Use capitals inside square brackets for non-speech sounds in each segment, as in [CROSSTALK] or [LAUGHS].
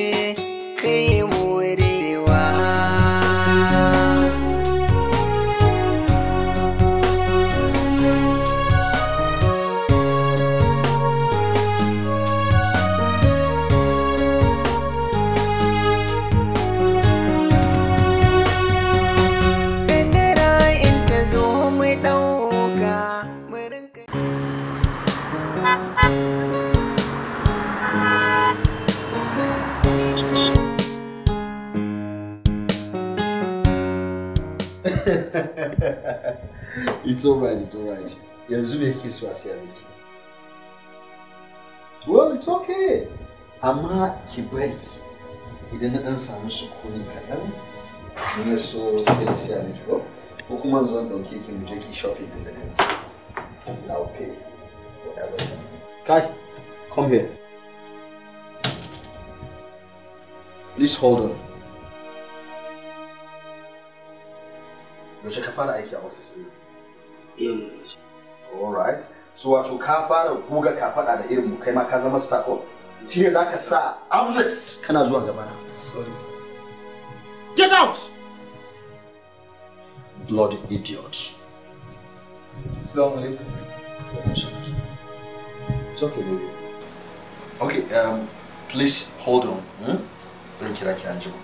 ce kai mu to bari to bari yanzu me ke so a siya miki well it's okay amma ki bari idan na dan samu sukuni kaɗan in ne so sai na siya miki ko ko kuma zuwan ɗauke ki mu je ki shopping ɗin da kanki and I'll pay for everything kai come here please hold on yaushe ka fara aiki a ofis ɗin Eh, alright so wato ka fara guga ka fada da irin mu kai ma ka zama stack up shi ne za ka sa armless kana zuwa gaba na sorry sir get out bloody idiot assalamu alaikum it's okay baby okay um please hold on hmm? zan kira ki anjima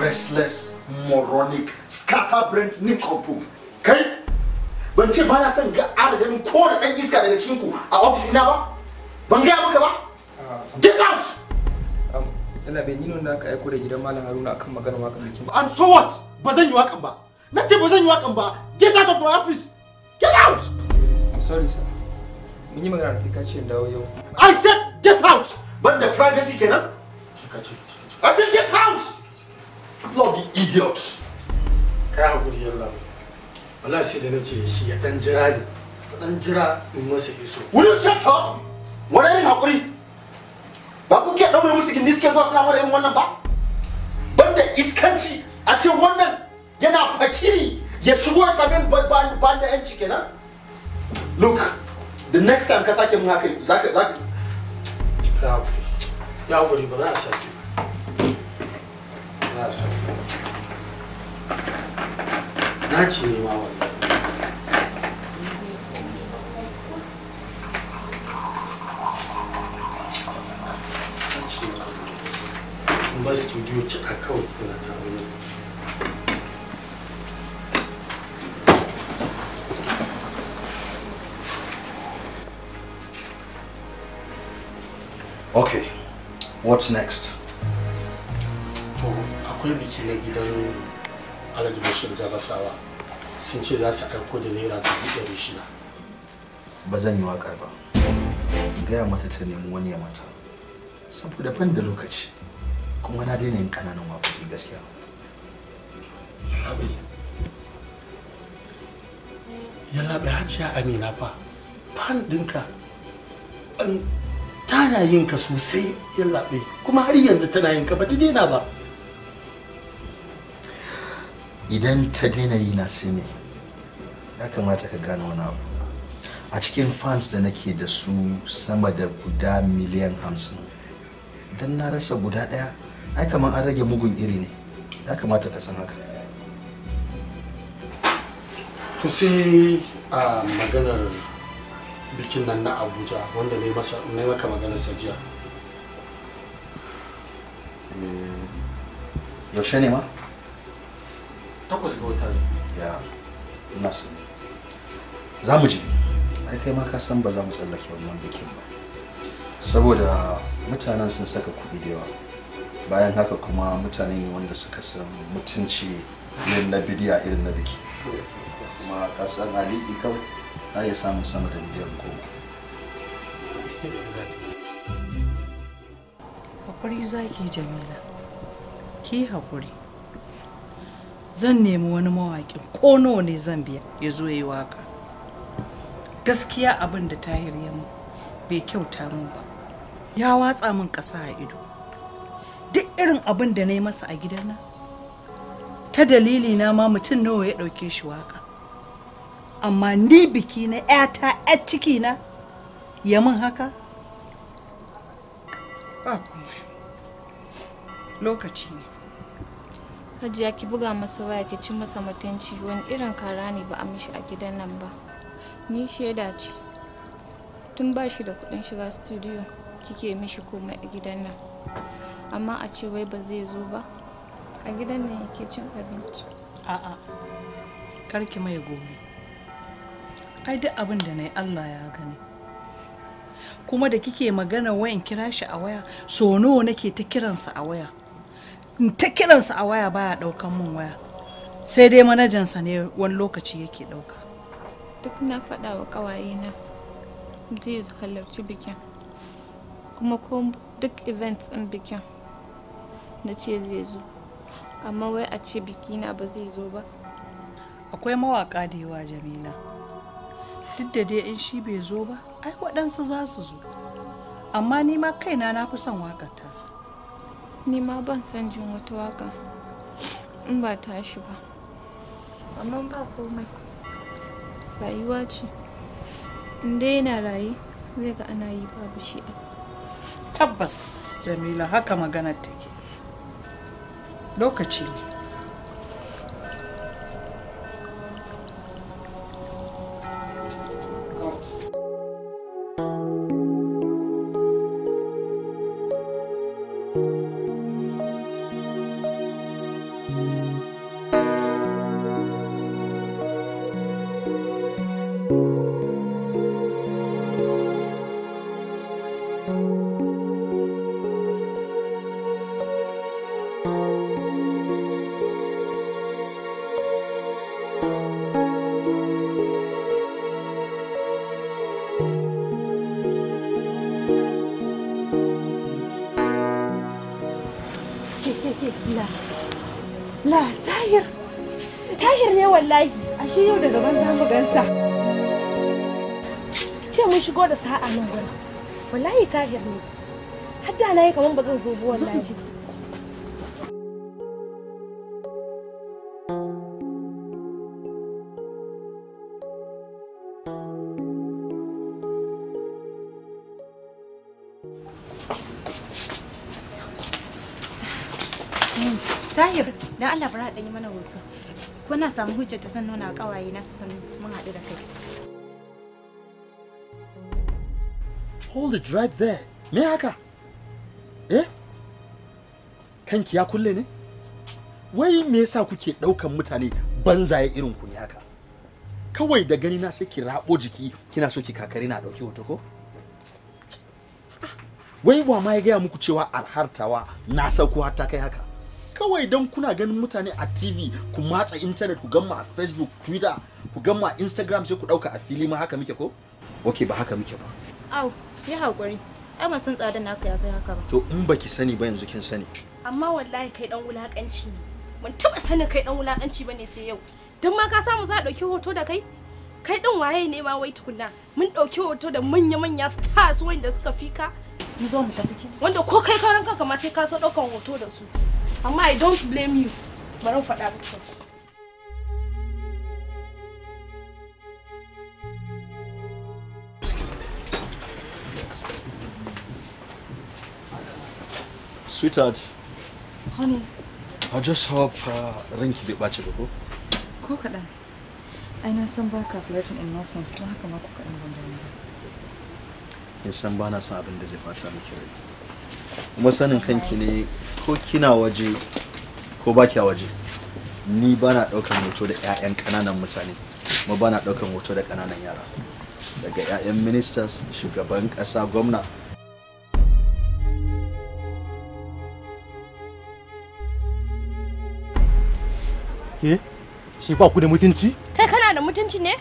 restless moronic scatterbrained nincompoop kai ban ce ba na son ga ara ganin kowane dan iska daga cikin ku a ofis na ba ban gaya maka ba ah. get out Ina bai ni nuna ka aiko da gidan Malam Haruna akan maganar wakan bikin. And so what? Ba zan yi wakan ba. Na ce ba zan yi wakan ba. Get out of my office. Get out. I'm sorry sir. Mun yi magana da kai ka ce dawo yau. I said get out. ban Banda privacy kenan? Ka ce. I said get out. bloody idiot kai hakuri yalla wallahi sai da nace shi ya dan jira ne dan jira in masa iso will you shut up wani irin hakuri ba ku ke daure musu gindi suke zuwa suna mana irin wannan ba banda iskanci a ce wannan yana fakiri ya shigo sabin ban da yanci kenan look the next time ka sake mun haka zaka zaka ya hakuri ba za a sake Fantastic. Excellent, studio a kawai Okay, what's next? akwai biki na gidan alhaji bashir gabasawa sun ce za su aiko da naira dubu ɗari shida ba zan yi waƙar ba gaya mata ta nemi wani ya mata saboda ban da lokaci kuma na daina yin ƙananan waƙoƙi gaskiya rabi yana bai hajiya amina fa fan ɗinka tana yin ka sosai yallaɓe kuma har yanzu tana yin ka ba ta daina ba idan ta daina yi na sai ne ya kamata ka gane wani abu a cikin fans da nake da su sama da guda miliyan hamsin don na rasa guda ɗaya ai kamar an rage mugun iri ne ya kamata ka san haka to sai a maganar bikin nan na abuja wanda na yi maka maganar sajiya eh, yaushe ne ma takwas ga watan ya ina sani za mu je ai kai ma ka san ba za mu tsallake wannan bikin ba saboda mutanen sun saka kuɗi da yawa bayan haka kuma mutane ne wanda suka san mutunci irin na bidiya irin na biki kuma ka san aliki kawai za iya samun sama da miliyan goma hakuri zaki jamila ki hakuri. zan nemi wani mawaƙin ko nawa ne zan biya ya zo ya yi waka gaskiya abin da tahir ya mun bai kyauta mun ba ya watsa min ƙasa a ido duk irin abin da na yi masa a gidan gidana ta dalili na ma mutum nawa ya ɗauke shi waka amma ni biki na ƴata ƴar ciki na ya min haka lokaci ne ya ki buga masa waya ki ci masa mutunci wani irin kara ne ba a mishi a gidan nan ba ni shaida ce tun ba shi da kudin shiga studio kike mishi komai a gidan nan amma a ce wai ba zai zo ba a gidan nan yake cin abinci a'a karki mai gobe ai duk abin da na yi allah ya gani kuma da kike magana wayan kira shi a waya so nawa nake ta kiransa a waya ta kiransa a waya baya daukan mun waya sai dai manajansa ne wani lokaci yake dauka duk na faɗa wa ƙawayena zai halarci bikin kuma ko duk events ɗin bikin na ce zai zo amma wai a ce bikina ba zai zo ba akwai mawaka da yawa jamila duk da dai in shi bai zo ba ai waɗansu za su zo amma ni ma kaina na fi son waƙar tasa ni ma ban san jin wata waka in ba tashi ba amma ba komai rayuwa ce in dai yana raye zai ga ana yi babu shi tabbas jamila haka magana take lokaci ne kaman za mu gansa ce mun shigo da sa'a nan gurin wallahi tahir ne hadda na yi kamar ba zan zo ba wallahi hmm. Tahir, dan Allah fara ɗanyi mana hoto. ko na samu hujjar ta zan nuna kawaye na su san mun haɗu da kai hold it right there me haka eh kanki ya kulle ne wai me yasa kuke ɗaukan mutane banzaye irin ku ne haka kawai da gani na sai ki rabo jiki kina so ki kakari na ɗauki hoto ko wai ba ma ya gaya muku cewa alhartawa na sauko har ta kai haka kawai don kuna ganin mutane a tv ku matsa intanet ku gama a facebook twitter ku gama a instagram sai ku dauka a fili ma haka muke ko ok ba haka muke ba au ya haƙuri ai ban san tsada naka ya kai haka ba to in baki sani ba yanzu kin sani amma wallahi kai dan wulakanci ne mun taba sanin kai dan wulakanci bane sai yau don ma ka samu za a dauki hoto da kai kai dan waye ne ma wai tukunna mun dauki hoto da manya-manya stars wanda suka fika mu zo mu tafi wanda ko kai karan kanka ma sai ka so daukan hoto da su amma i don't blame you bari faɗa maka Sweetheart. Honey. I just hope uh, ranki bai ɓaci ba ko? Ko kaɗan. Ai na san ba ka flirting in nonsense don haka ma ko kaɗan ban ba. Kin san ba na san abin da zai bata miki rai. Kuma sanin kanki ne ko kina waje ko ba kya waje ni ba na ɗaukar hoto da 'ya'yan ƙananan mutane kuma ba na ɗaukar hoto da ƙananan yara daga 'ya'yan ministers shugaban ƙasa gwamna ke shi ba ku da mutunci kai kana da mutunci ne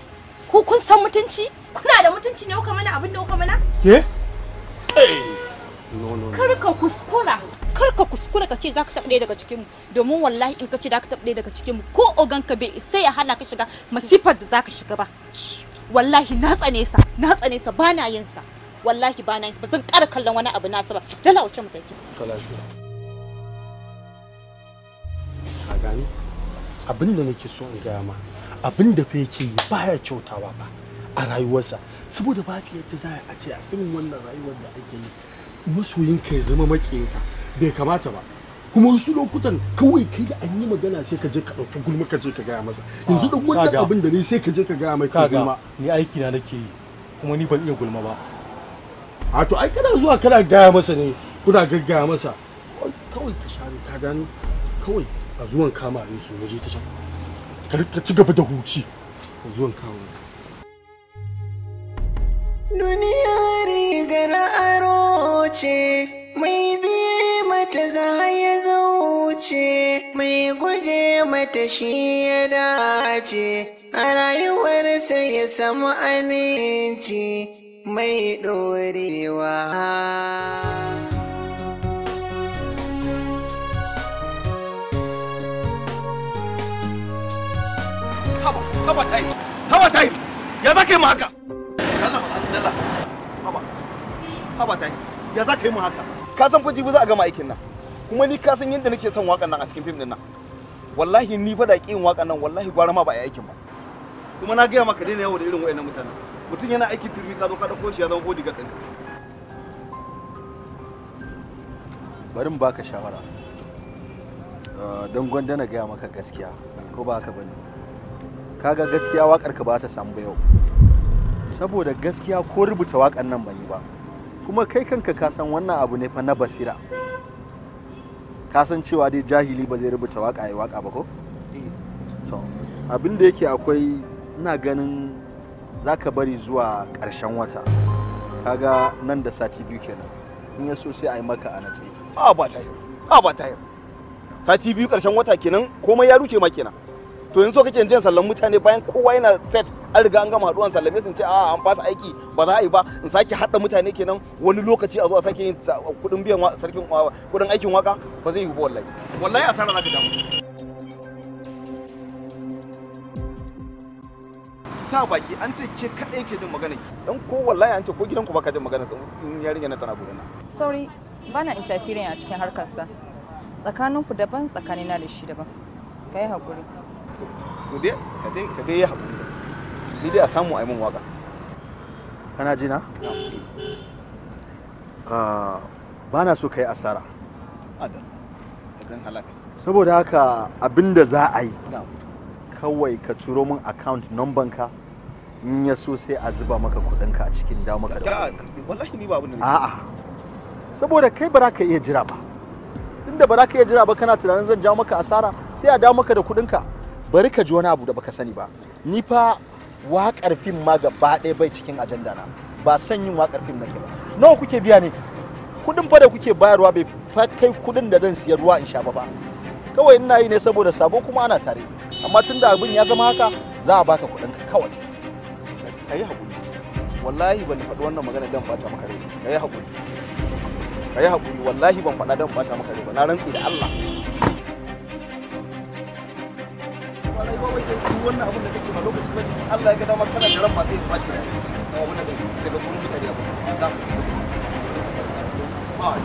ku kun san mutunci kuna da mutunci ne kuka mana abin da kuka mana ke kar ka kuskura kar ka kuskura ka ce za ka taɓa ɗaya daga cikinmu domin wallahi in ka ce za ka taɓa ɗaya daga cikinmu ko ogan ka bai isa ya hana ka shiga masifar da za ka shiga ba wallahi na tsane sa na tsane sa ba na yin sa wallahi ba na yin sa ba zan ƙara kallon wani abu nasa ba dala wace mu take A gani abin da nake so in gaya ma abin da fa yake yi baya kyautawa ba a rayuwarsa saboda ba yadda za a ce a irin wannan rayuwar da ake yi masoyinka ya zama maƙiyinka bai kamata ba kuma wasu lokutan kawai kai da an yi magana sai ka je ka ɗauki gulma ka je ka gaya masa yanzu duk wannan abin da ne sai ka je ka gaya mai ka gulma ni aiki na nake yi kuma ni ban iya gulma ba a to ai kana zuwa kana gaya masa ne kuna gaggaya masa kawai ka share ka gano kawai a zuwan kama ne su waje ta can ka ci gaba da huci zuwan kama ne Duniyari rigar aro ce mai biye mata za ya zauce mai guje mata shi ya dace a rayuwarsa ya samu aminci mai ɗorewa. How time? How time? Ya za ka haka? haba ta ya za ka yi mu haka ka san fa jibi za a gama aikin nan kuma ni ka san yadda nake son wakan nan a cikin fim din nan wallahi ni fa da ƙin wakan nan wallahi gwara ma ba a aikin ba kuma na gaya maka daina yawo da irin wayannan mutanen mutum yana aikin turmi ka zo ka ɗauko shi ya zama hodi ga kanka bari mu baka shawara ah, don gwanda na gaya maka gaskiya ko ba haka bane kaga gaskiya wakar ka ba ta samu ba yau saboda gaskiya ko rubuta wakan nan ban yi ba kuma kai kanka ka san wannan abu ne fa na basira ka san cewa dai jahili ba zai rubuta waka ya waka ba ko eh. to abin da yake akwai ina ganin za ka bari zuwa ƙarshen wata kaga nan da sati biyu kenan in ya so sai a yi maka a natse a ba ta yi a ba ta yi sati biyu ƙarshen wata kenan komai ya ruce ma kenan to yanzu kake jin sallan mutane bayan kowa yana set an riga an gama haduwan sallame sun ce a'a an fasa aiki ba za a yi ba in sake hada mutane kenan wani lokaci a zo a sake yin kudin biyan sarkin kudin aikin waka ba zai yi ba wallahi wallahi asara za ka damu sa baki an ce ke kadai ke jin magana ki dan ko wallahi an ce ko gidanku baka jin magana in yarinya na tana gurina sorry bana interfering a cikin harkarsa tsakaninku daban tsakanina da shi daban kai hakuri to dai ka dai ka dai haƙuri ni dai a samu a yi min waka kana ji na ah, ba na so ka yi asara saboda haka abinda za a yi kawai ka turo min account number ka in ya so sai a zuba maka kudinka a cikin dawo maka da wallahi ni ba abin da a'a saboda kai ba za ka iya jira ba tunda ba za ka iya jira ba kana tunanin zan jawo maka asara sai a dawo maka da kudinka bari ka ji wani abu da baka sani ba ni fa waƙar fim ma gaba ɗaya bai cikin ajanda na ba san yin waƙar fim nake ba nawa kuke biya ne kuɗin fa da kuke bayarwa bai fa kai kuɗin da zan siya ruwa in sha ba ba kawai ina yi ne saboda sabo kuma ana tare amma tun da abin ya zama haka za a baka kuɗin ka kawai ka yi haƙuri wallahi ban faɗi wannan magana dan bata maka rai ka yi haƙuri ka yi haƙuri wallahi ban faɗa dan bata maka rai ba na rantsi da Allah rayuwa wai sai duk wannan abin da kake Allah ya ga dama kana ba ka wannan da daga gurin mutane ba ba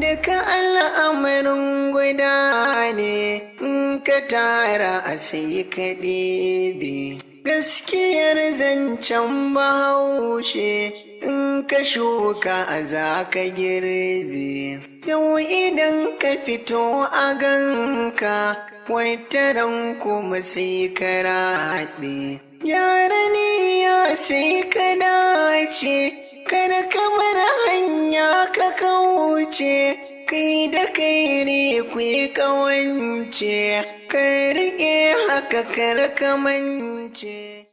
Duka al'amarin guda ne in ka tara a sayi ka ɗebe. Gaskiyar zancen bahaushe in ka shuka a za ka girbe. Yau idan ka fito a ganka, taron kuma sai ka raɗe. Yara ne ya sai ka dace, kar kamar hanya ka kauce, kai da kai ne ku kawance, ka riƙe haka kar kamance.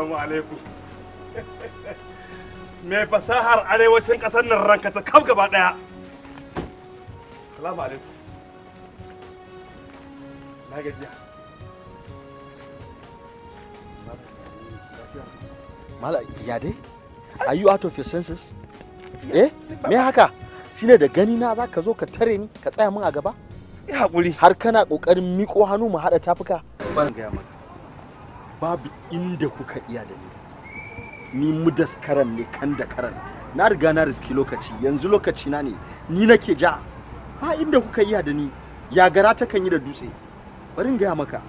Assalamu alaikum. Me fasahar arewacin ƙasar nan ranka ta kaf gaba ɗaya. Assalamu alaikum. Na gajiya. Mala, ya dai? Are you out of your senses? Eh? Me haka? Shine da gani na za ka zo ka tare ni ka tsaya min a gaba? Ya haƙuri. Har kana ƙoƙarin miƙo hannu mu haɗa tafuka? Ban gaya maka. babu inda kuka iya da ni ni mudas ne kan da karan na riga na riski lokaci yanzu lokaci na ne ni nake ja ba inda kuka iya da ni ya gara ta kan yi da dutse bari gaya maka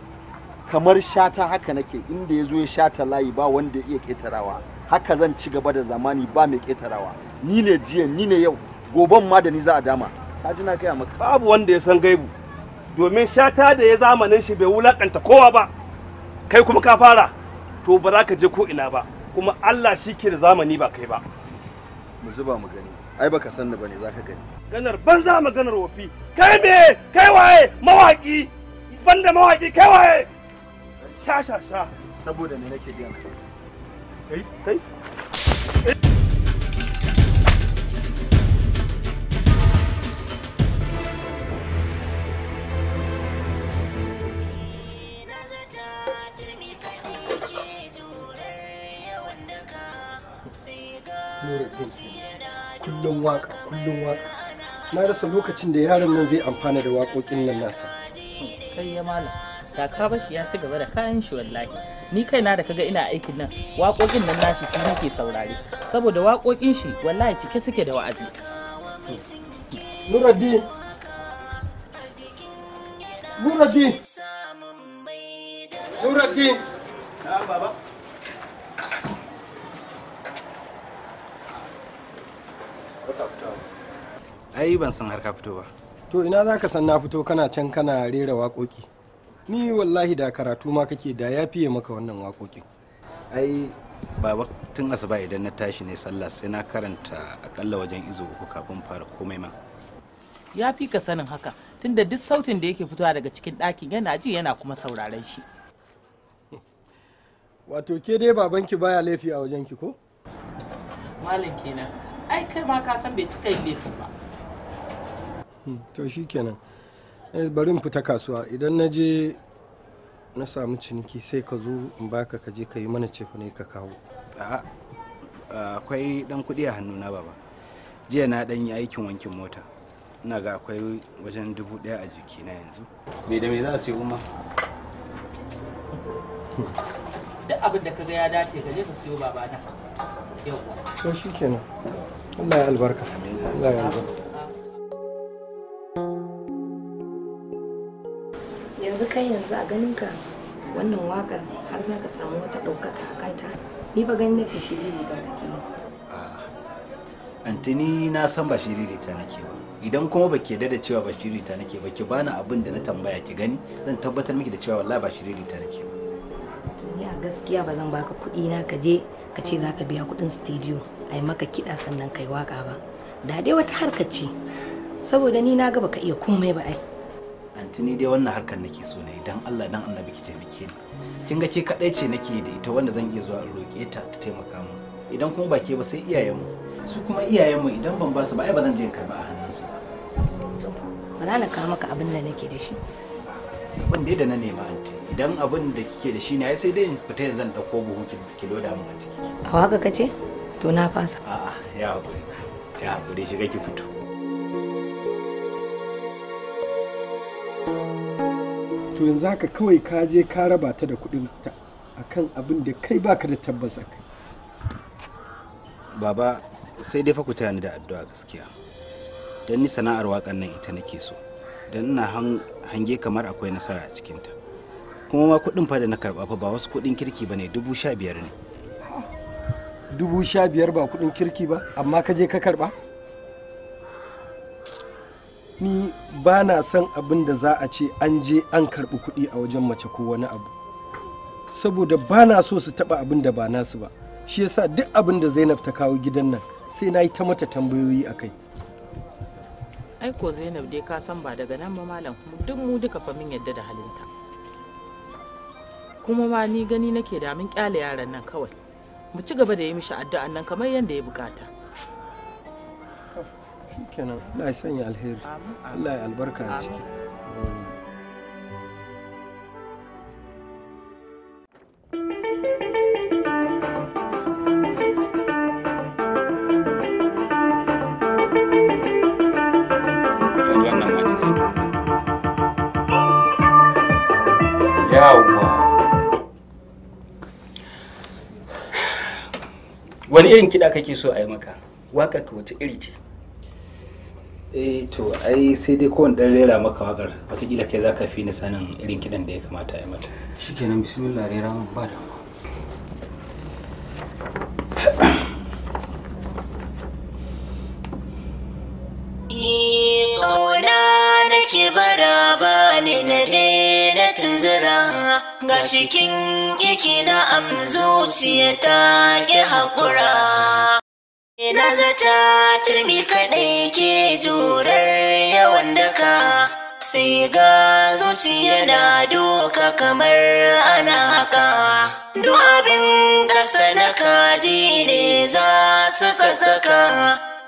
kamar shata haka nake inda ya zo ya shata layi ba wanda ya iya ketarawa haka zan ci gaba da zamani ba mai ketarawa ni ne jiya ni ne yau goban ma da ni za a dama ka ji na gaya maka babu wanda ya san gaibu domin shata da ya zamanin shi bai wulakanta kowa ba kai kuma ka fara to ba za ka je ko ina ba kuma Allah shi ke da zamani ba kai ba mu zuba mu gani ai baka san ni bane zaka gani ganar mu maganar wafi kai me kai waye mawaki banda mawaki kai waye sha sha sha saboda ne nake gani kai kai nura fensi kullum waka kullum waka na rasa lokacin da yaron nan zai amfana da waƙoƙin nan nasa kai ya malam kaka bashi ya ci gaba da kayan shi wallahi ni kaina da kaga ina aikin nan waƙoƙin nan nashi shi nake saurare saboda waƙoƙin shi wallahi cike suke da wa'azi Nuruddin Nuruddin Nuruddin na baba ai ban san har ka fito ba to ina za ka san na fito kana can kana rera wakoki? ni wallahi da karatu ma kake da ya fiye maka wannan wakoki. ai baba tun asuba idan na tashi ne sallah sai na karanta akalla wajen izo uku kafin fara komai ma ya fi ka sanin haka tunda duk sautin da yake fitowa daga cikin ɗakin yana ji yana kuma sauraren shi wato ke dai babanki baya laifi a wajenki ko malam kenan ai kai ma ka san bai cika yin laifi ba hmm, to kenan eh, bari in fita kasuwa idan na je na samu ciniki sai ka zo in baka ka je ka yi mana ne ka kawo a'a akwai dan kuɗi a hannuna baba jiya na dan yi aikin wankin mota ina ga akwai wajen dubu ɗaya a na yanzu me da me za a yi umma duk abin da ka ga ya dace ka je ka siyo babana yau. to shikenan Allah ya albarka Allah ya albarka yanzu kai yanzu a ganin ka wannan wakar har za ka samu wata ɗaukaka a kanta ni ba ganin nake shiriri da ba. antini na san ba shiriri ta nake ba idan kuma ba ke da cewa ba shiriri ta nake ba ki bani abin da na tambaya ki gani zan tabbatar miki da cewa wallahi ba shiriri ta nake ba gaskiya ba zan baka kuɗi na ka je ka ce zaka biya kuɗin studio a yi maka kiɗa sannan kai waka ba da dai wata harka ce saboda ni na ga baka iya komai ba ai anti ni dai wannan harkar nake so ne dan Allah dan annabi ki taimake ni kin ga ke kadai ce nake da ita wanda zan iya zuwa in roƙe ta ta taimaka mu idan kuma ba ke ba sai iyayenmu su kuma iyayenmu idan ban ba su ba ai ba zan je in ba a hannunsu ba na kawo maka abin da nake da shi ban dai da na nema anti idan abin da kike da shi ne ai sai dai in fita yanzu da ko buhu ki loda mun a ciki a waka kace to na fasa a'a ya hakuri ya hakuri shiga ki fito to yanzu haka kawai ka je ka raba ta da kuɗin ta akan abin da kai baka da tabbas kai baba sai dai fa ku tayani da addu'a gaskiya don ni sana'ar waƙan nan ita nake so don ina hange kamar akwai nasara a cikinta kuma ma kuɗin fa da na karɓa fa ba wasu kuɗin kirki ba ne dubu sha ne dubu sha ba kuɗin kirki ba amma ka je ka karɓa ni ba na son abin da za a ce an je an karɓi kuɗi a wajen mace ko wani abu saboda ba na so su taɓa abin da ba nasu ba shi yasa duk abin da zainab ta kawo gidan nan sai na yi ta mata tambayoyi a kai aiko zainab dai ka san ba daga nan ba malam duk mu duka fa min yadda da halinta kuma ma ni gani nake mun kyale yaran nan kawai mu ci gaba da yi mishi addu'an nan kamar yadda ya bukata shikenan Allah ya sanya alheri Allah ya albarka a ciki wani irin kiɗa kake so a yi maka waka ka wata iri ce eh to ai sai dai kowane ɗan rera maka wakar watakila kai zaka fi ni sanin irin kiɗan da ya kamata a yi mata shikenan bismillah rera man ba da Ni ƙauna nake bara ba ni na dai tunzura ga shikin yake na amzuciya ta ki haƙura Ina zata turmi kaɗai ke jurar yawan daka sai ga zuciya na doka kamar ana haka duk abin ƙasa na kaji ne za masu tsatsaka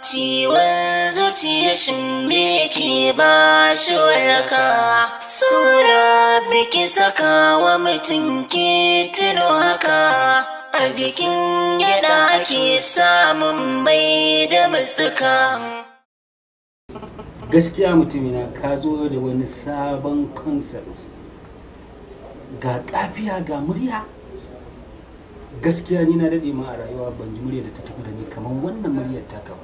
ciwon zuciya shin me ke ba shi waraka sura biki saka wa mutum ke tuno haka a jikin yada ake samun bai da matsuka gaskiya mutumina ka zo da wani sabon concept ga kafiya ga murya gaskiya ni na daɗe ma a rayuwa ban ji murya da ta tafi da ni kamar wannan muryar ta ba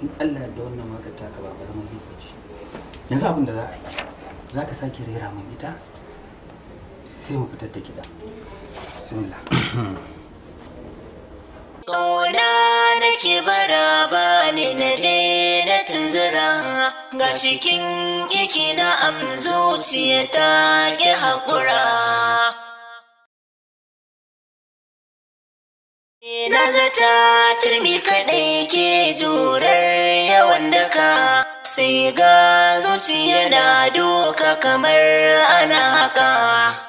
in Allah da wannan waka ta ba ba zama gefe ce yanzu abin da za a yi za ka sake rera min ita sai mu fitar da kiɗa bismillah [COUGHS] Ƙauna na kibara ba ne na daina tunzura ga shikin yake na am zuciya ta haƙura Na zata turmi kaɗai ke jurar yawan daka sai ga zuciya na doka kamar ana haka.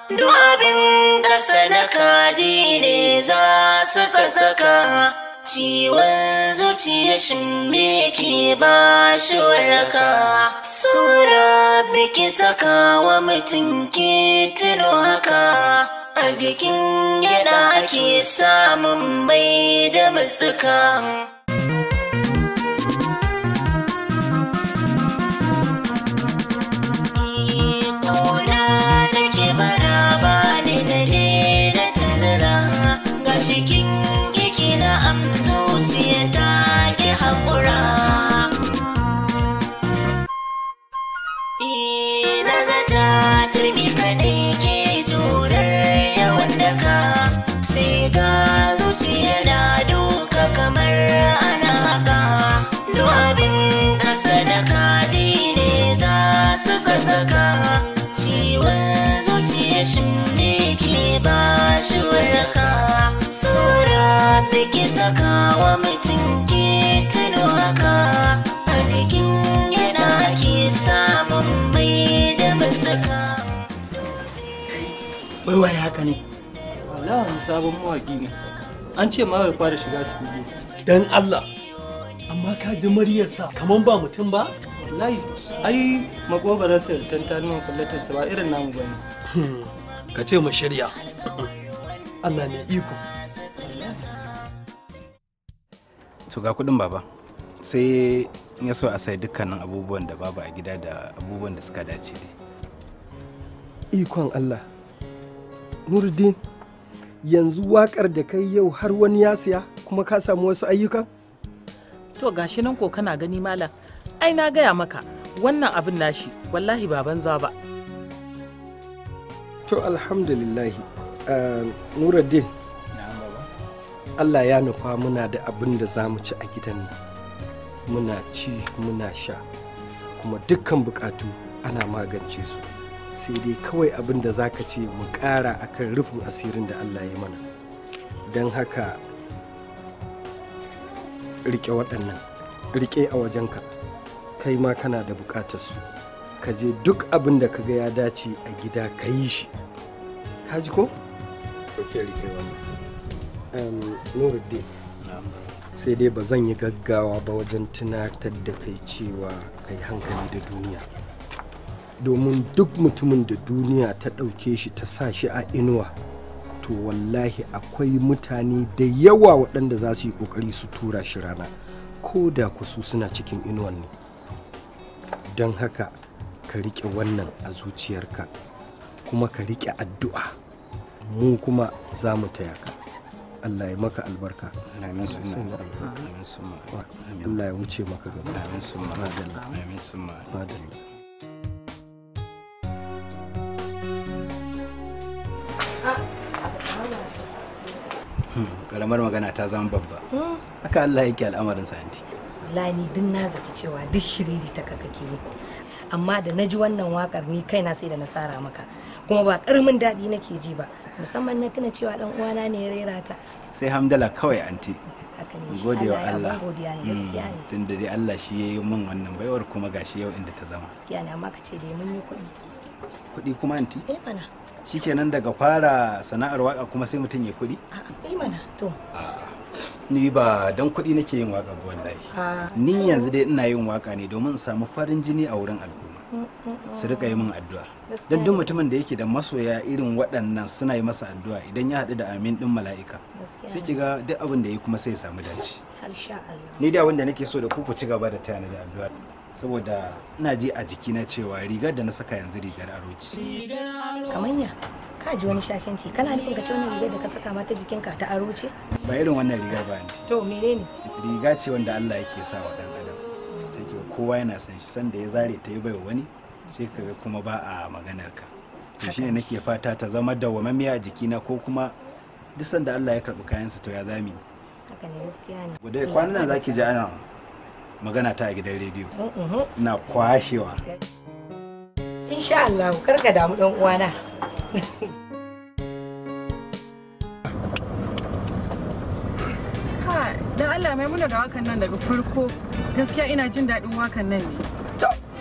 Duk abin ƙasa na kaji ne za su sassaka. ciwon zuciya shin me ke ba shi waraka sura biki saka wa mutum ke tuno haka a jikin yana ake samun mai da matsuka da ki sakawa mutum ke tuno haka a jikin yana ke samun mai da masaka. Wai waye haka ne? Wala wani sabon mawaƙi ne. An ce ma bai fara shiga studio. Dan Allah. Amma ka ji muryarsa kamar ba mutum ba? Wallahi, ai makogaransa da tantanuwan kullatarsa ba irin namu bane. Hmm. Ka ce mu shirya. Allah mai iko. to ga kuɗin baba sai ya so a sai dukkanin abubuwan da babu a gida da abubuwan da suka dace ne ikon allah nuruddin yanzu wakar da kai yau har wani ya siya kuma ka samu wasu ayyukan to gashi nan ko kana gani malam ai na gaya maka wannan abin nashi wallahi baban za ba to alhamdulillahi uh, ah, nuruddin allah ya nufa muna da abin da za mu ci a gidan nan muna ci muna sha kuma dukkan bukatu ana magance su sai dai kawai abin da za ka ce mu ƙara akan rufin asirin da allah ya mana don haka rike waɗannan rike a wajenka kai ma kana da bukatar su ka je duk abin da ka ga ya dace a gida ka yi shi ka ji ko? Ok, rike wannan. nuruddin sai dai ba zan yi gaggawa ba wajen tunatar da kai cewa kai hankali da duniya domin duk mutumin da duniya ta ɗauke shi ta sa shi a inuwa to wallahi akwai mutane da yawa waɗanda za su yi ƙoƙari su tura shi rana ko da kusu suna cikin inuwan ne don haka ka riƙe wannan a zuciyarka kuma ka riƙe addu'a mu kuma za mu taya ka Allah ya maka albarka amin Allah ya wuce maka gaba amin hmm, karamar magana ta zama babba haka Allah yake al'amarin sa'anti. Lani ni duk na zaci cewa duk shiriri ta kaka ke amma da na ji wannan wakar ni kaina sai da nasara maka kuma ba ƙaramin daɗi nake ji ba musamman na tuna cewa dan uwana ne ya rera ta sai hamdala kawai anti gode wa Allah mm, tun da dai Allah shi ya yi min wannan baiwar kuma gashi yau inda ta zama gaskiya ne amma ka ce dai mun yi kuɗi kuɗi kuma anti eh mana shikenan daga fara sana'ar waka kuma sai mutum ya kuɗi eh mana to ni ba don kuɗi nake yin waka ga wallahi ni yanzu dai ina yin waka ne domin samu farin jini a wurin al'umma su rika yi min addu'a don duk mutumin da yake da masoya irin waɗannan suna yi masa addu'a idan ya haɗu da amin ɗin mala'ika sai ki ga duk abin da ya kuma sai ya samu dace ni da wanda nake so da ku ku ci gaba da tayana da addu'a saboda ina ji a jikina cewa rigar da na saka yanzu rigar aroci ce kamanya ka ji wani shashanci kana nufin ka ci wannan rigar da ka saka mata jikinka ta aro ba irin wannan rigar ba ne to menene riga ce wanda Allah yake sa wa dan kowa yana san shi sanda ya zare ta yi bai wani sai kaga kuma ba a maganar ka to shine nake fata ta zama dawwamammiya a jikina ko kuma duk sanda Allah ya karbi kayansa to ya zami haka ne gaskiya ne gode kwanan nan zaki ji ana magana ta a gidan rediyo mm-hmm. na kwashewa insha Allah kar ka damu dan uwana dan Allah mai muna da wakan nan daga farko Gaskiya ina jin daɗin wakan nan ne.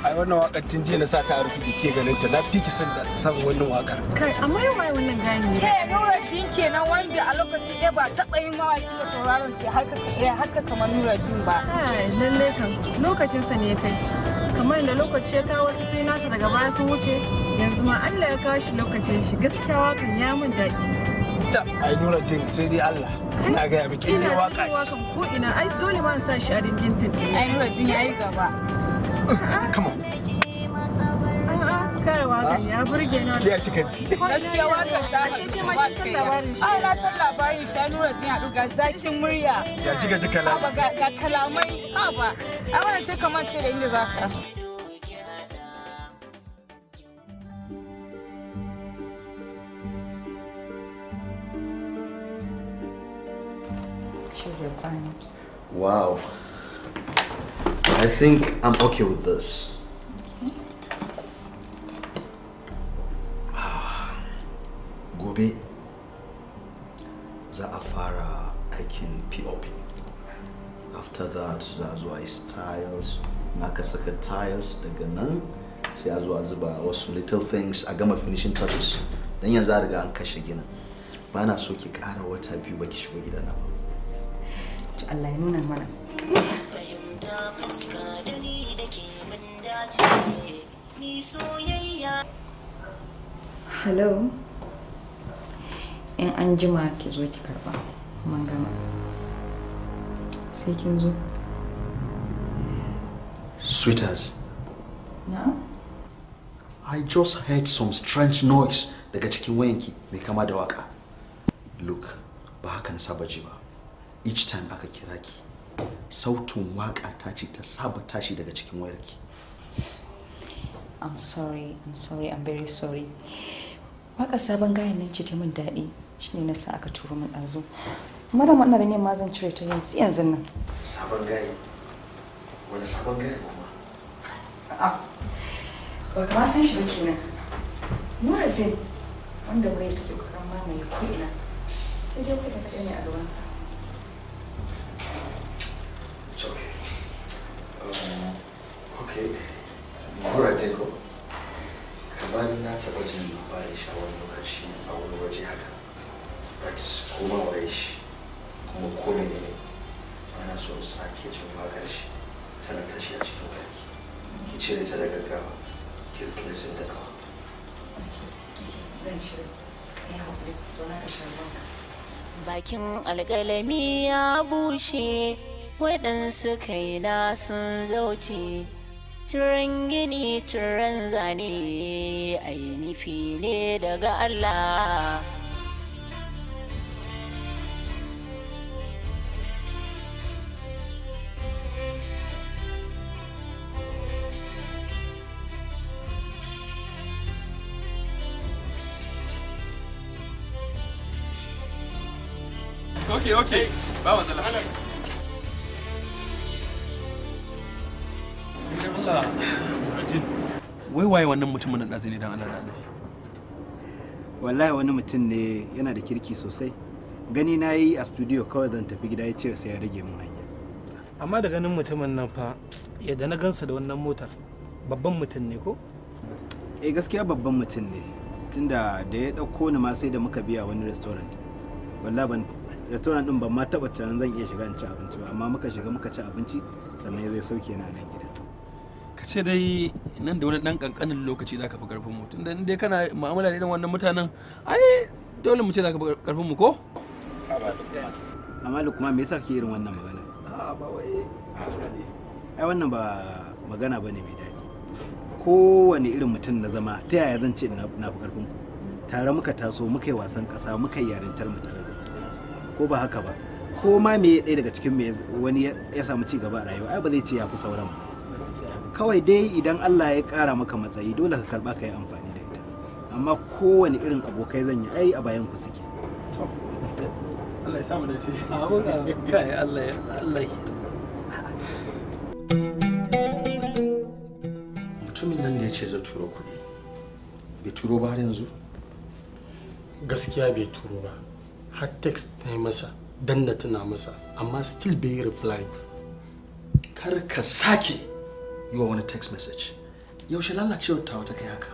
ai wannan wakar tun jiya na sa ka rufe ke ganin ta na fi san da san wannan wakar kai amma yau mai wannan gani ke Nuruddin kenan wanda a lokacin da ba taba yin mawaki da tauraron sai harka eh, harka kamar Nuruddin ba kai lalle kan lokacin sa ne kai kamar da lokaci ya kawo wasu sai nasa daga baya sun wuce yanzu ma Allah ya kawo shi lokacin shi gaskiya wakan ya mun daɗi ta ai nura din sai dai Allah ina ga ya miki ne waka ce ko ina ai dole ma sa shi a ringin tin ai nura din yayi gaba [LAUGHS] come on kare wakan ya burge ni wannan kika ci gaskiya wakan ta shi ke ma san labarin shi ai na san labarin shi nura din ya duga zakin murya ya kika ji kalamai ga kalamai ha ba ai wannan sai kamar ce da inda zaka find? Wow. I think I'm okay with this. [SIGHS] Gobe za fara aikin POP. After that, za zuwa is saka tiles daga nan sai a zuwa zuba wasu little things a gama finishing touches. Dan yanzu a ga an kashe ginin. Ba na so ki ƙara wata biyu ba ki shigo gidana ba. Allah ya nuna mana hello in an jima ki zo ki karba mun gama sai kin zo sweetheart Na? i just heard some strange noise daga cikin wayanki mai kama da waka look ba haka na saba ji ba each time aka kira ki sautin waka ta ce ta saba tashi daga cikin wayarki I'm sorry, I'm sorry, I'm very sorry. Waka sabon gayan nan ce ta min daɗi shine na sa aka turo min ɗazu. Madam wannan da ne ma zan cire ta yanzu yanzu nan. Sabon gayi? Wani sabon gayi kuma? A'a. Ba san shi ba kenan. Nuruddin wanda mai take kokarin mamaye ko ina. Sai dai kai ta kaɗai ne a gabansa. Okay. Mura kamar na taba jin labarin shi lokaci a wani waje haka. But kuma waye shi, kuma ko ne ana so sake jin shi tana tashi a cikin Ki cire ta gaggawa, ki da Zan cire. Ya ka shan Bakin alƙalami ya bushe, waɗansu kaina sun zauce. turan gini turan zane ainihi ne daga Allah Ok, ok. Vamos, a la waye wannan mutumin da ɗazu ne Allah da Allah wallahi wani mutum ne yana da kirki sosai gani na yi a studio kawai zan tafi gida ya ce sai ya rage mun hanya amma da ganin mutumin nan fa yadda na gansa da wannan motar babban mutum ne ko eh gaskiya babban mutum ne tunda da ya dauko ni ma sai da muka biya wani restaurant wallahi ban restaurant din ban ma taɓa tunanin zan iya shiga in ci abinci ba amma muka shiga muka ci abinci sannan ya zai sauke na nan gida ce dai nan da wani dan kankanin lokaci zaka fi karfin mu tunda in dai kana mu'amala da irin wannan mutanen ai dole mu ce zaka fi karfin mu ko amma kuma me yasa kake irin wannan magana a ba wai ai wannan ba magana bane mai daɗi kowane irin mutum na zama ta yaya zan ce na fi karfin ku tare muka taso muka yi wasan ƙasa muka yi yarintar mu tare ko ba haka ba ko ma me ɗaya daga cikin me wani ya samu ci gaba a rayuwa ai ba zai ce ya fi sauran ba kawai dai idan Allah ya kara maka matsayi dole ka karba ka yi amfani da ita amma kowane irin abokai zan yi ai a bayan ku suke Allah ya samu da ce kai Allah ya Allah mutumin nan da ya ce zai turo kuɗi bai turo ba yanzu gaskiya bai turo ba har text na yi masa dan tuna masa amma still bai reply kar ka sake yi wa wani text message yaushe lalacewar ta wata kai haka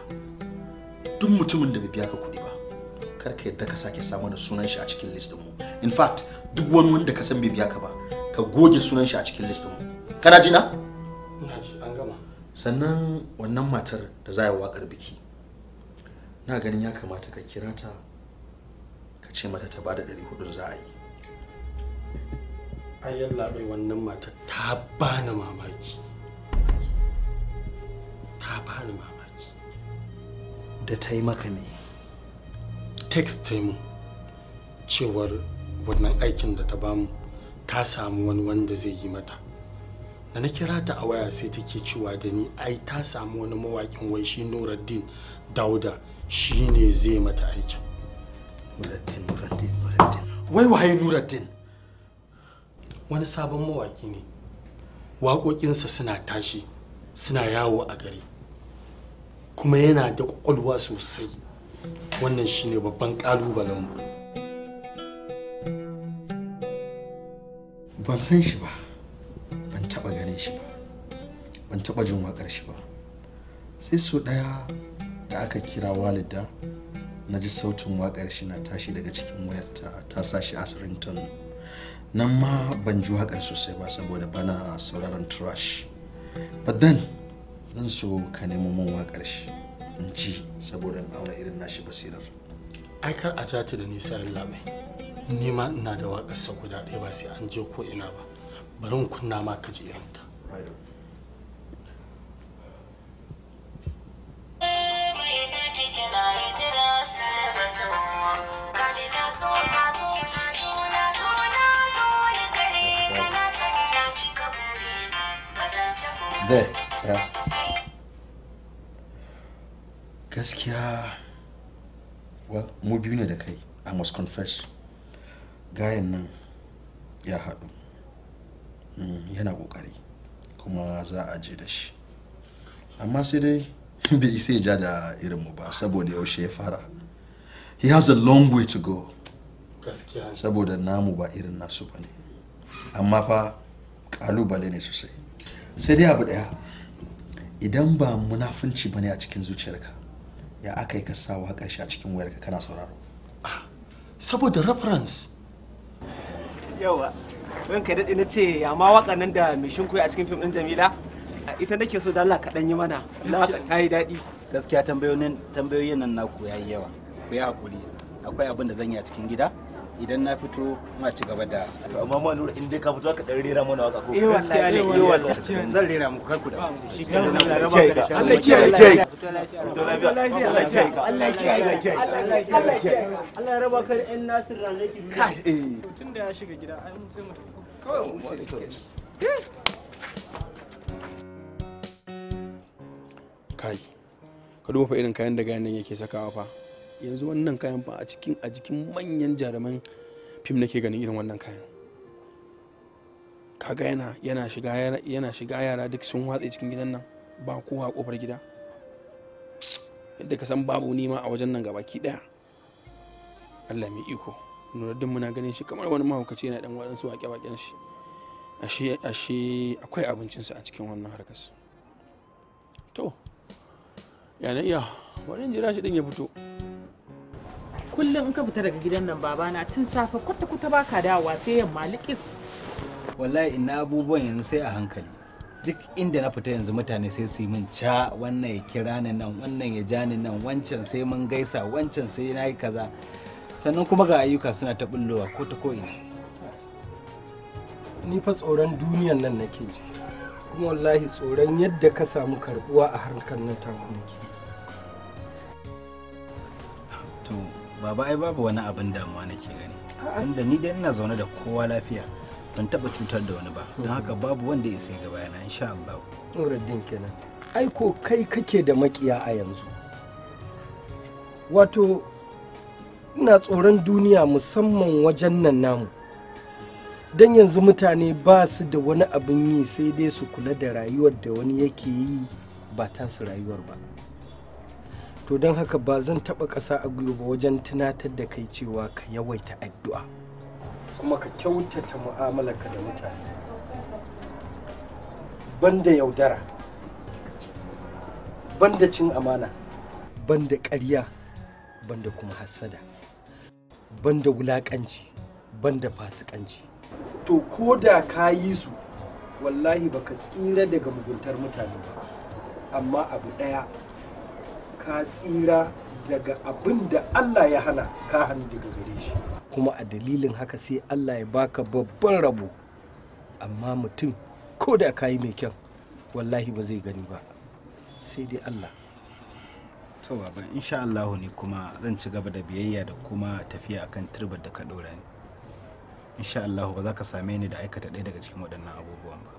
duk mutumin da bai biya ka kuɗi ba kar ka yadda ka sake samu da sunan shi a cikin list mu in fact duk wani wanda ka san bai biya ka ba ka goge sunan shi a cikin list mu kana ji na an gama sannan wannan matar da za a yi waƙar biki na ganin ya kamata ka kira ta ka ce mata ta bada ɗari hudun za a yi ayyalla bai wannan matar ta bani mamaki ta bani mamaki da ta yi maka ne text ta mu cewar wannan aikin da ta bamu ta samu wani wanda zai yi mata da na kira ta a waya sai take cewa da ni ai ta samu wani mawakin wai shi nuruddin dauda shi ne zai mata aikin nuruddin nuruddin nuruddin wai waye nuruddin wani sabon mawaki ne waƙoƙinsa suna tashi suna yawo a gari kuma yana da kwakwalwa sosai wannan shine babban kalubalen mu ban san shi ba ban taba ganin shi ba ban taba jin wakar shi ba sai su daya da aka kira walida na ji sautin wakar shi na tashi daga cikin wayarta ta sashi asirinton nan ma ban ji wakar sosai ba saboda bana sauraron trash but then zan so ka nemo min waƙar shi in ci saboda auna irin nashi basirar ai kar a jata da nisa labai ni ma ina da waƙar sa guda ɗaya ba sai an je ko ina ba bari in kunna ma ka ji irin ta There, yeah. gaskiya well mu biyu ne da kai i must confess gayan nan ya haɗu mm, yana ƙoƙari kuma za a je da shi amma sai dai [LAUGHS] bai isa ja da irinmu ba saboda yaushe ya fara he has a long way to go saboda namu ba irin nasu ba ne amma fa ƙalubale ne sosai sai dai abu ɗaya idan ba munafunci ba ne a cikin zuciyarka ya aka yi ka sa a cikin wayarka kana sauraro ah, saboda reference yawa ran ka daɗe na ce ya ma waƙar nan da mai shinku a cikin fim ɗin jamila ita nake so da Allah kaɗan yi mana ta yi daɗi gaskiya tambayoyin nan naku yi yawa ku yi haƙuri akwai abin da zan yi a cikin gida idan na fito ma ci gaba da amma ma nura in dai ka fito ka dare rera mana waka ko eh wallahi eh, eh wallahi zan rera muku ku da shi kan nan rera maka da shi Allah kiyaye kai Allah kiyaye Allah kiyaye Allah kiyaye Allah kiyaye Allah ya raba ka da ɗan Nasir Ranaki kai eh. tunda ya shiga gida ai mun sai mu tafi kawai mu wuce kai ka duba fa irin kayan da ganin yake sakawa fa yanzu wannan kayan ba a cikin a jikin manyan jaruman fim nake ganin irin wannan kayan kaga yana yana shiga yara duk sun watsa cikin gidan nan ba kowa a kofar gida yadda ka san babu nima a wajen nan gabaki daya Allah mai iko duk muna ganin shi kamar wani mahaukaci yana dan wadansu waƙe-waƙen shi ashe akwai abincinsa a cikin wannan harkarsa to yanayya iya wani jira shi din ya fito kullum in ka fita daga gidan nan baba na tun safe kwata-kwata baka dawowa sai yamma likis wallahi ina abubuwan yanzu sai a hankali duk inda na fita yanzu mutane sai su yi min ca wannan ya kira ni nan wannan ya ja ni nan wancan sai mun gaisa wancan sai na yi kaza sannan kuma ga ayyuka suna ta bullowa ko ta ko'ina ni fa tsoron duniyan nan nake ji kuma wallahi tsoron yadda ka samu karbuwa a harkar nan ta nake baba ai babu wani abin damuwa nake gani tunda ni dai ina zaune da kowa lafiya ban taba cutar da wani ba don mhm. haka babu wanda ya sai gaba yana insha Allah Nuruddin kenan ai ko kai kake da makiya a yanzu wato ina tsoron duniya musamman wajen nan namu don yanzu mutane ba su da wani abin yi sai dai su kula da rayuwar da wani yake yi ba tasu rayuwar ba to don haka ba zan taɓa ƙasa a ba wajen tunatar da kai cewa ka yawaita addu'a kuma ka kyautata mu'amalarka da mutane banda yaudara banda cin amana banda ƙarya banda kuma hassada banda wulaƙanci banda fasikanci to ko da ka yi su wallahi baka tsira daga muguntar mutane ba amma abu ɗaya ka tsira daga abin da Allah ya hana ka hannu daga gare shi kuma a dalilin haka sai Allah ya baka babban rabo amma mutum ko da ka yi mai kyau wallahi ba zai gani ba sai dai Allah to baba insha Allah ne kuma zan ci gaba da biyayya da kuma tafiya akan turbar da ka dora ni insha Allah ba za ka same ni da aikata ɗaya daga cikin waɗannan abubuwan ba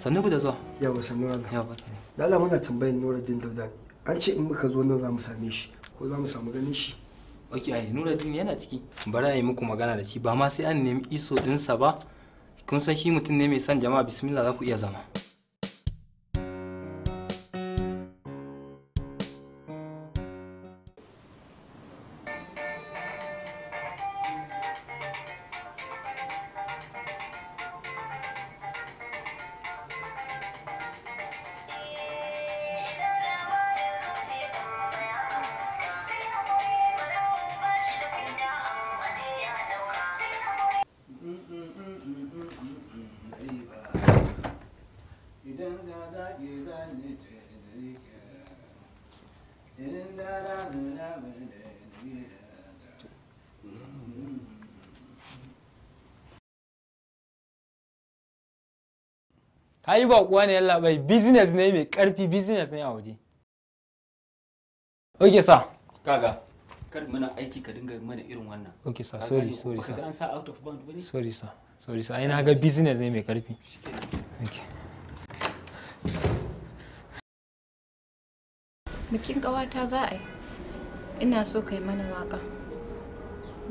sannu ku da zuwa yawa sannu rana yawa da Allah muna tambayar Nuruddin Dauda an ce in muka zo nan za mu same shi ko za mu samu ganin shi ok ai Nuruddin yana ciki bari a yi muku magana da shi ba ma sai an nemi iso dinsa ba kun san shi mutum ne mai son jama'a bismillah za ku iya zama ai ba kuwa ne yalla bai business ne mai karfi business ne a waje oke sa kaga kar muna aiki ka dinga mana irin wannan oke sa sorry sorry sa an sa out of bound bane sorry sa sorry sa ai na ga business ne mai karfi okay bikin ƙawata za a yi ina so ka yi mana waka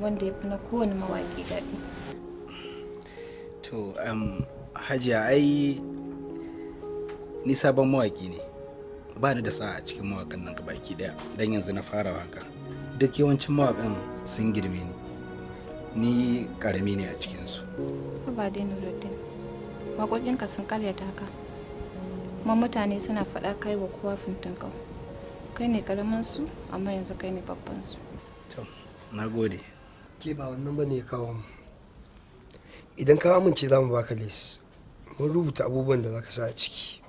wanda ya fi na kowane mawaƙi daɗi to um, hajiya ai ni sabon mawaƙi ne ba ni da sa a cikin mawakan nan baki daya dan yanzu na fara waka duk yawancin mawakan sun girme ni ni karami ne a cikinsu ba dai nuruddin maƙoƙinka sun karyata ka kuma mutane suna faɗa kai wa kowa fintankau kai ne karaman su amma yanzu kai ne babban su to na gode ke ba wannan ba ne kawo mu idan ka amince za mu baka lis mun rubuta abubuwan da za ka sa a ciki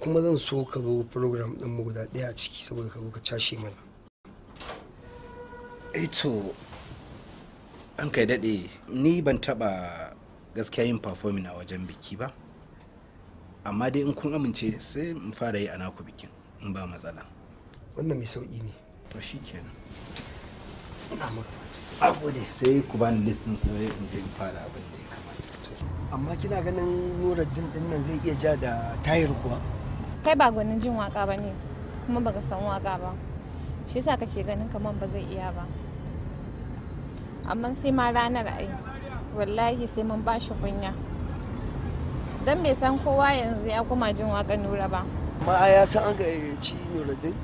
kuma zan so ka zo program ɗin mu guda ɗaya a ciki saboda ka zo ka cashe mana eto eh an kai daɗe ni ban taba gaskiya yin performing a wajen biki ba amma dai in kun amince sai in fara yi a naku bikin in ba matsala wannan mai sauƙi ne to shi kenan ina a gode sai ku bani listin sai in je fara abin da ya kamata amma kina ganin nurar din nan zai iya ja da tayar kuwa kai ba gwanin jin waka ba ne kuma baka san waka ba shi yasa kake ganin kamar ba zai iya ba amma sai ma ranar ai wallahi sai mun bashi kunya dan bai san kowa yanzu ya kuma jin waka nura ba ma ya san an ga ci nura din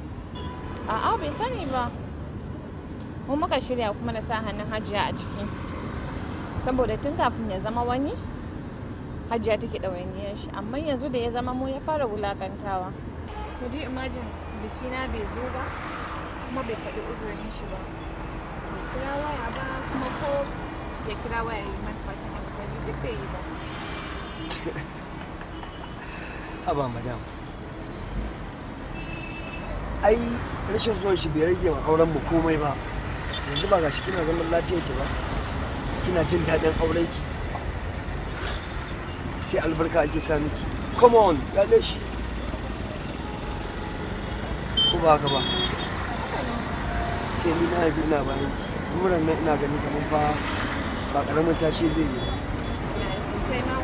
a'a bai sani ba mun muka shirya kuma da sa hannun hajiya a ciki saboda tun kafin ya zama wani hajiya take ɗawainiyar shi amma yanzu da ya zama mu ya fara wulakantawa could you imagine biki na bai zo ba kuma bai faɗi uzurin shi ba bai kira waya ba kuma ko ya kira waya yi man fatan alkhairi duk bai yi ba [LAUGHS] haba madam ai rashin zuwan shi bai rage wa auren mu komai ba yanzu ba ga shi kina zaman lafiyar ki ba kina jin daɗin auren ki sai albarka ake sa miki come on kalle shi ko ba haka ba ke ni na yanzu ina bayan ki guran nan ina gani kamar fa ba karamin tashi zai yi ba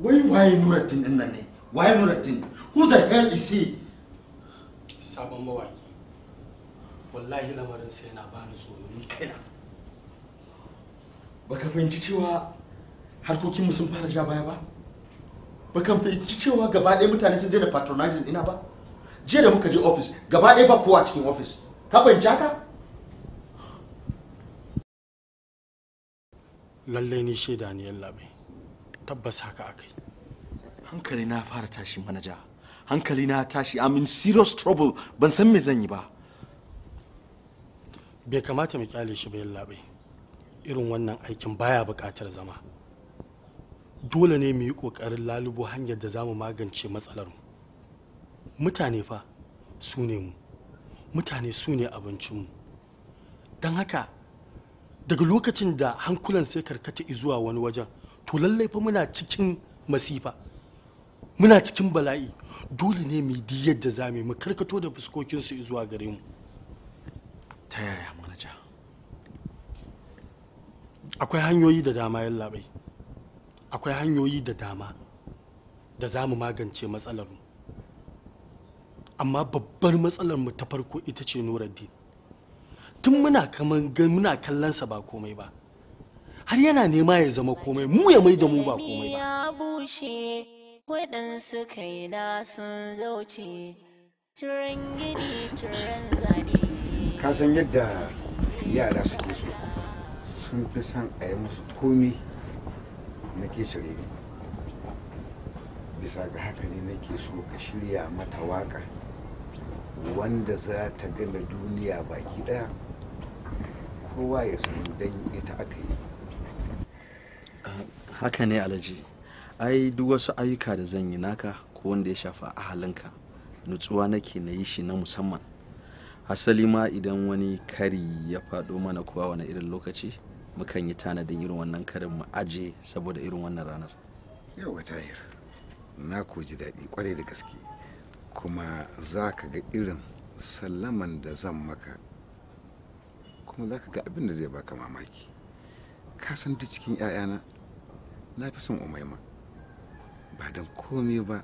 wai waye nuratin din nan ne waye nuratin who the hell is he sabon mawaki wallahi lamarin sai na bani tsoro ni kaina baka fahimci cewa harkokinmu sun fara ja baya ba ba kan fi cewa gaba ɗaya mutane sun daina patronizing ina ba jiya da muka je office gaba ɗaya ba kowa cikin office ka fahimci haka lallai ni shaida daniel labe tabbas haka akai hankali na fara tashi manaja hankali na tashi i'm in serious trouble ban san me zan yi ba bai kamata mu kyale shi ba yalla bai irin wannan aikin baya buƙatar zama dole ne mu yi ƙoƙarin lalubo hanyar da za mu magance matsalar mu mutane fa su ne mu mutane su ne mu don haka daga lokacin da hankulan sai karkata zuwa wani wajen to lallai fa muna cikin masifa muna cikin bala'i dole ne mu yi yadda za mu karkato da fuskokinsu zuwa gare mu ta yaya manaja akwai hanyoyi da dama yallaɓai akwai hanyoyi da dama da za mu magance matsalar mu amma babbar matsalar mu ta farko ita ce nuruddin tun muna kaman muna kallon sa ba komai ba har yana nema ya zama komai mu ya mai da mu ba komai ba ka san yadda yara suke so sun fi son a musu komi nake shirye bisa ga haka ne nake so ka shirya mata waka wanda za ta gama duniya baki daya kowa ya san dan ita aka yi ah, haka ne alhaji ai duk wasu ayyuka da zan yi naka ko wanda ya shafa ahalinka nutsuwa nake na yi shi na musamman asali ma idan wani kari ya faɗo mana kowa wani irin lokaci mukan yi tanadin irin wannan karin mu aje saboda irin wannan ranar yawa tahir na ku ji daɗi kwarai da gaske kuma za ka ga irin sallaman da zan maka kuma za ka ga abin da zai baka mamaki ka san duk cikin 'ya'yana na fi son umaima ba don komai ba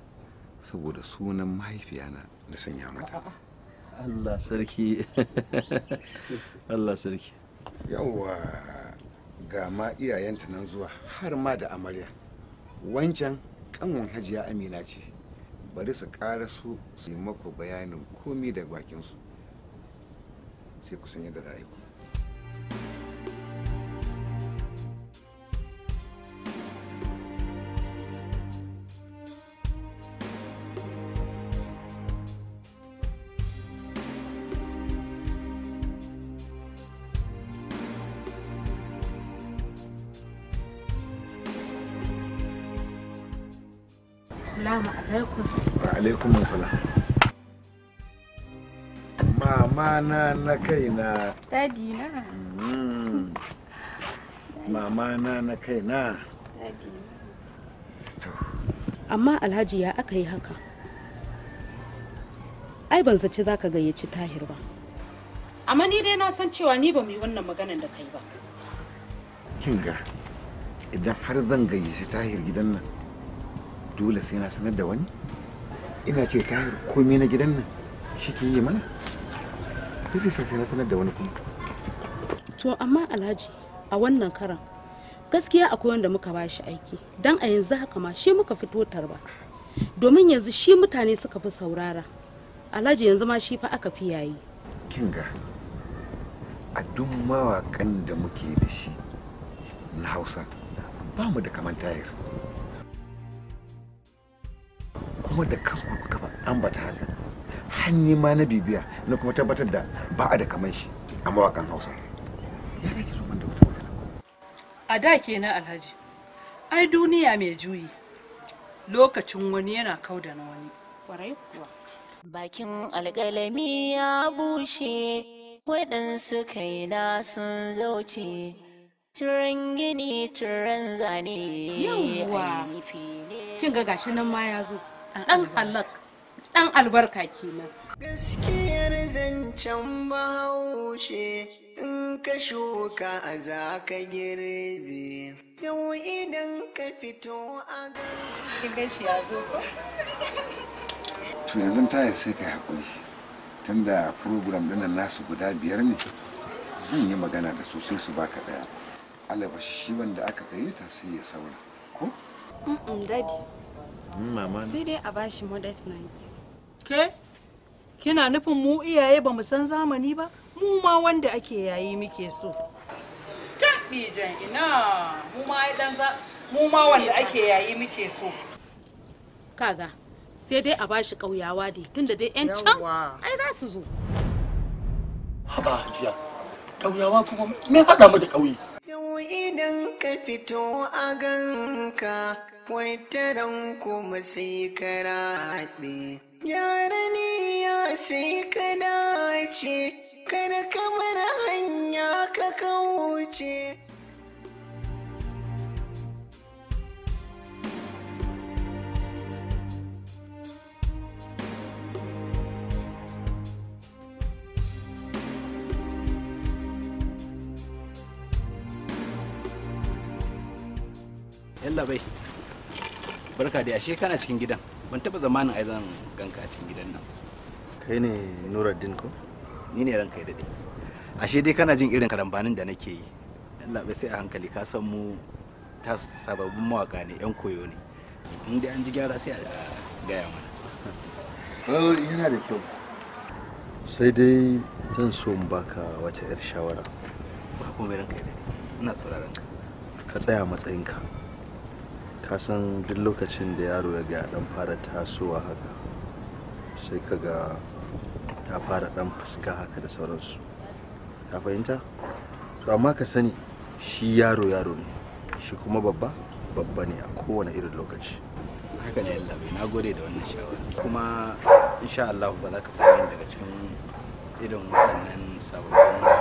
saboda sunan mahaifiyana na sanya mata Allah sarki [LAUGHS] Allah sarki yawa ga ma iyayenta nan zuwa har ma da amarya wancan kanwan hajiya amina ce bari su ƙara su su yi mako bayanin komi da bakinsu sai kusan yadda za a yi ku. na na kaina dadi na mm-hmm. mama na na kaina amma alhaji ya aka yi haka ai ban zaci za ka gayyaci tahir ba amma ni dai na san cewa ni ba mu yi wannan maganar da kai ba kinga idan har zan gayyaci tahir gidan nan dole sai na sanar da wani ina ce tahir komai na gidan nan shi ke yi mana Kusa sun na sanar da wani kuma. To amma Alhaji a wannan karan gaskiya akwai wanda muka ba shi aiki dan a yanzu haka ma shi muka fito tarba domin yanzu shi mutane suka fi saurara alhaji yanzu ma shi fa aka fi yayi kinga a duk mawakan da muke da shi na hausa ba mu da kaman tayar kuma da kanku kuka ambata haka hanyi ma na bibiya na kuma tabbatar da ba a da kamar shi a mawakan hausa ya da ke da a da kenan alhaji ai duniya mai juyi lokacin wani yana kau da na wani kwarai kuwa bakin alƙalami ya bushe waɗansu kai na sun zauce turan gini turan zane yawwa kin ga gashi nan ma ya zo ɗan halak dan albarka kenan gaskiyar zancen bahaushe in ka shuka a za ka girbe yau idan ka fito a gari shi ya zo ko yanzu ta sai ka hakuri da program ɗinnan nasu guda biyar ne zan yi magana da su sai su baka ɗaya alaba shi wanda aka gayyata sai ya saura ko? daddy mm, sai dai a bashi modest night Ke? Kina nufin mu iyaye ba mu san zamani ba? Mu ma wanda ake yayi muke so. Taɓi jan ina, mu ma dan za mu ma wanda ake yayi muke so. Kaga, sai dai a bashi ƙauyawa dai, tunda dai 'yan can ai za su zo. Haba, jiya. Ƙauyawa kuma me haɗa mu da ƙauye? Yau idan ka fito a ganka, wai taron kuma sai ka raɗe. Yarani ya sai ka dace kada ka bar hanya ka kauce yallaɓai barka da ashe kana cikin gidan ban taba zamanin ai zan ganka a cikin gidan nan kai ne Nuruddin ko ni ne ranka ya dade ashe dai kana jin irin karambanin da nake yi Allah bai sai a hankali ka san mu ta sababbin mawaka ne yan koyo ne in dai an ji gyara sai a gaya mana yana da kyau sai dai zan so mu baka wata 'yar shawara ba komai ranka ya dade ina sauraron ka ka tsaya matsayinka kasan duk lokacin da yaro ya ga dan fara tasowa haka sai ka ga ta fara dan fuska haka da sauransu ka fahimta to amma ka sani shi yaro yaro ne shi kuma babba babba ne a kowane irin lokaci haka ne yalla bai nagode da wannan shawara kuma insha Allah ba za ka sami daga cikin irin waɗannan sababbin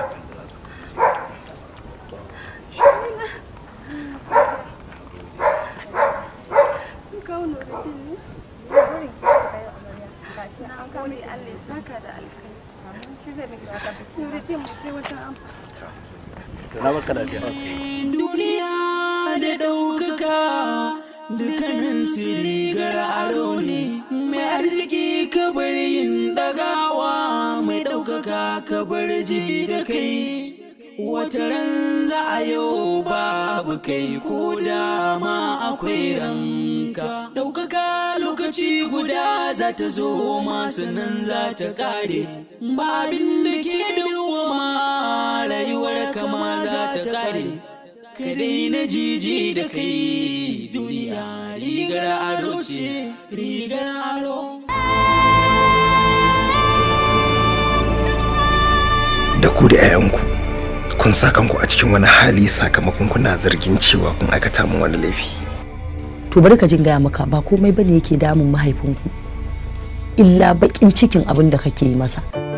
barka duniya da ɗaukaka dukkanin gara aro ne mai arziki kabar yin dagawa mai ɗaukaka kabar ji da kai wata ran za a yau babu kai ko dama akwai ranka ɗaukaka lokaci guda za ta zo masu nan za ta kare ba abin da ke da ma za ta kare kadai na jiji da kai duniya rigar aro ce rigar aro da ku da 'ya'yanku kun sa kanku a cikin wani hali sakamakon kuna zargin cewa kun aikata min wani laifi to bari ka jin gaya maka ba komai bane yake damun mahaifinku illa bakin cikin abin da kake yi masa